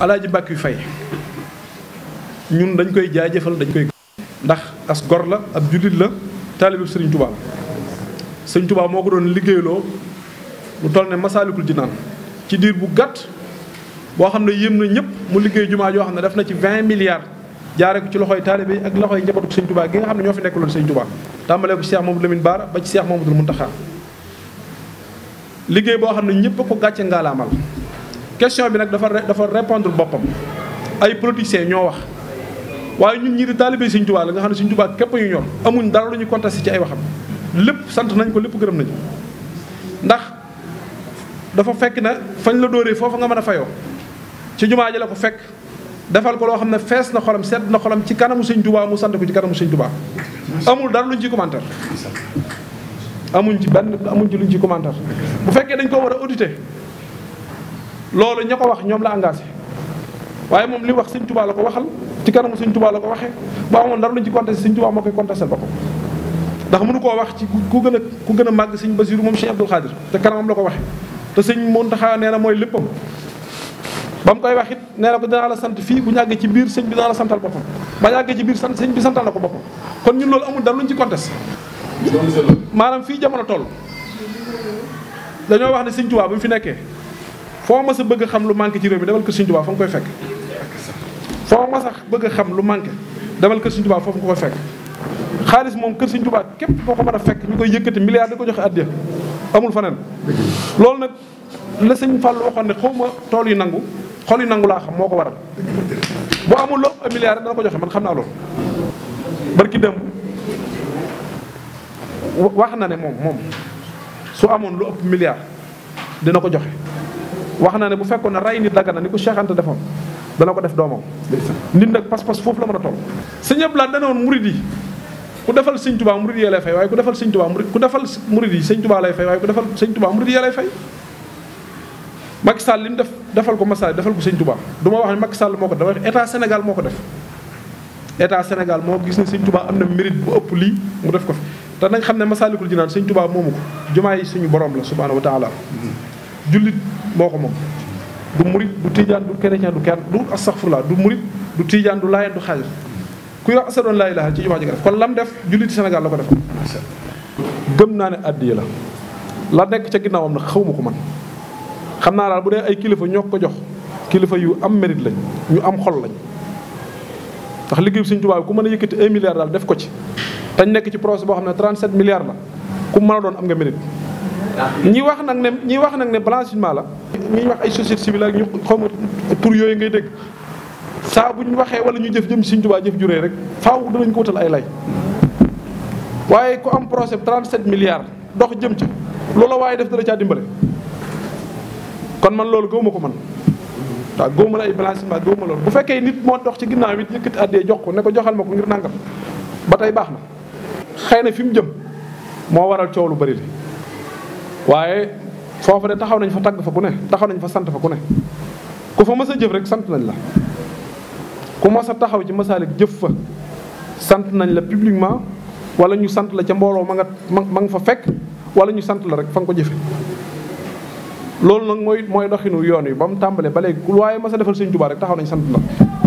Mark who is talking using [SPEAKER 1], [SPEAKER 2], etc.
[SPEAKER 1] alaaji Mbàkke Fay ñun dañ koy jaajëfal dañ koy ndax as gor la ab jullit la taalibu sëriñ Tuubaa sëriñ Tuubaa moo ko doon liggéeyloo lu toll ne masaalikul jinaan ci diir bu gàtt boo xam ne yéem na ñëpp mu liggéey jumaa yoo xam ne def na ci 20 milliards jaare ko ci loxoy taalibe yi ak loxoy njabootu sëriñ Tuubaa gi nga xam ne ñoo fi nekk loolu sëriñ Tuubaa tàmbalee ko Cheikh Mamadou Lamine Baara ba ci Cheikh Mamadou Muntaxa liggéey boo xam ne ñëpp a ko gàcce ngaalaamal question bi nag dafa dafa répondre boppam ay politiciens ñoo wax waaye ñun ñii di taalibe Sëñ Tuubaa la nga xam ne Sëñ Tuubaa képp ñu ñor amuñ dara lu ñu contesté ci ay waxam lépp sant nañ ko lépp gërëm nañu ndax dafa fekk na fañ la dóoree foofu nga mën a fayoo ci jumaa ji la ko fekk defal ko loo xam ne fees na xolam sedd na xolam ci kanamu Sëñ Tuubaa mu sant ko ci kanamu Sëñ Tuubaa amul dara luñ ci commentaire amuñ ci benn amuñ ci luñ ci commentaire bu fekkee dañ ko war a auditer loolu ña ko wax ñoom la engagé waaye moom li wax sëñ Tuubaa la ko waxal ci kanamu sëñ Tuubaa la ko waxee bu amoon dara luñ ci contesté sëñ Tuubaa moo koy contesté ba ndax mënu koo wax ci ku gën a ku gën a màgg sëñ Basiru moom sëñ Abdul Xaadir te kanamam la ko waxee te sëñ Muntaxa nee na mooy léppam ba mu koy wax it nee na ko la sant fii bu ñu ci biir sëñ bi dinaa la santal boppam ba ñu ci biir sant sëñ bi santal ko boppam kon ñun loolu amul dara luñ ci contesté maanaam fii jamono toll dañoo wax ne sëñ Tuubaa bu fi nekkee foo ma sa bëgg xam lu manqué ci réew mi demal kër Sëñ Tuubaa fa koy fekk foo ma sax bëgg a xam lu manqué demal kër Sëñ Tuubaa foofu nga koy fekk xaalis moom kër Sëñ Tuubaa képp koo ko mën a fekk ñu koy yëkkati milliard di ko joxe addiya amul faneen loolu nag la sëñ Fallou waxoon ne xaw ma tool yi nangu xol yi nangu laa xam moo ko waral boo amul loo un milliard dana ko joxe man xam naa loolu barki dem wax na ne moom moom su amoon lu ëpp milliard dina ko joxe wax naa ne bu fekkoon ne rey nit dagg na ni ko Cheikh Anta defoon dana ko def doomam. nit nag pas-pas foofu la mën a toll. sëñ Abdou Lahad dana woon murid yi ku defal sëñ Tuubaa murid yi lay fay waaye ku defal sëñ Tuubaa murid ku defal murid yi sëñ lay fay waaye ku defal sëñ Tuubaa murid yi lay fay. li mu def defal ko Massal defal ko sëñ Tuubaa du wax ne mag Sall moo ko def waaye état Sénégal moo ko def. état senegal moo gis ne sëñ Tuubaa am na mérite bu ëpp lii mu def ko fi te nañ xam ne Masaalikul Jinaan sëñ tubaa moomu ko jumaa yi suñu borom la subhaanahu wa taala mm-hmm. jullit moo ko moom du murit du tijaan du chrétien du kenn du astaxfirullah du murit du tijaan du laayeen du xaadir ku yor asadoon laa ilaaha ci jumaa ji nga def kon def julliti Sénégal la ko defal gëm naa ne addiya la la nekk ca ginnaawam nag xaw ko man xam naa daal bu dee ay kilifa ñoo ko jox kilifa yu am mérite lañ ñu am xol lañ ndax liggéey Sëñ Tuubaa ku mën a yëkkati 1 milliard daal def ko ci tañ nekk ci projet boo xam ne 37 milliards la ku mën a doon am nga mérite ñi wax nag ne ñi wax nag ne blanchiment la. ñi wax ay société civile ak ñu xaw ma tur yooyu ngay dégg saa bu ñu waxee wala ñu jëf jëm Sëriñ Tuubaa jëf juree rek faaw danañ ko wutal ay lay. waaye ku am procès 37 milliards dox jëm ci loola waaye def dara caa dimbale kon man loolu gëwuma ko man. waaw góob ma la ay blanchiment góob ma loolu bu fekkee nit moo dox ci ginnaaw it yëkkati àddee jox ko ne ko joxal ma ko ngir nangam ba tey baax na xëy na fi mu jëm moo waral coow lu bari li waaye foofu de taxaw nañ fa tagg fa ku ne taxaw nañ fa sant fa ku ne ku fa mës a jëf rek sant nañ la ku mës a taxaw ci masaalik jëf fa sant nañ la publiquement wala ñu sant la ca mbooloo ma nga ma nga fa fekk wala ñu sant la rek fa nga ko jëfe loolu nag mooy mooy doxinu yoon yi ba mu tàmbalee ba léegi ku waaye mës a defal Sëñ Tuubaa rek taxaw nañ sant la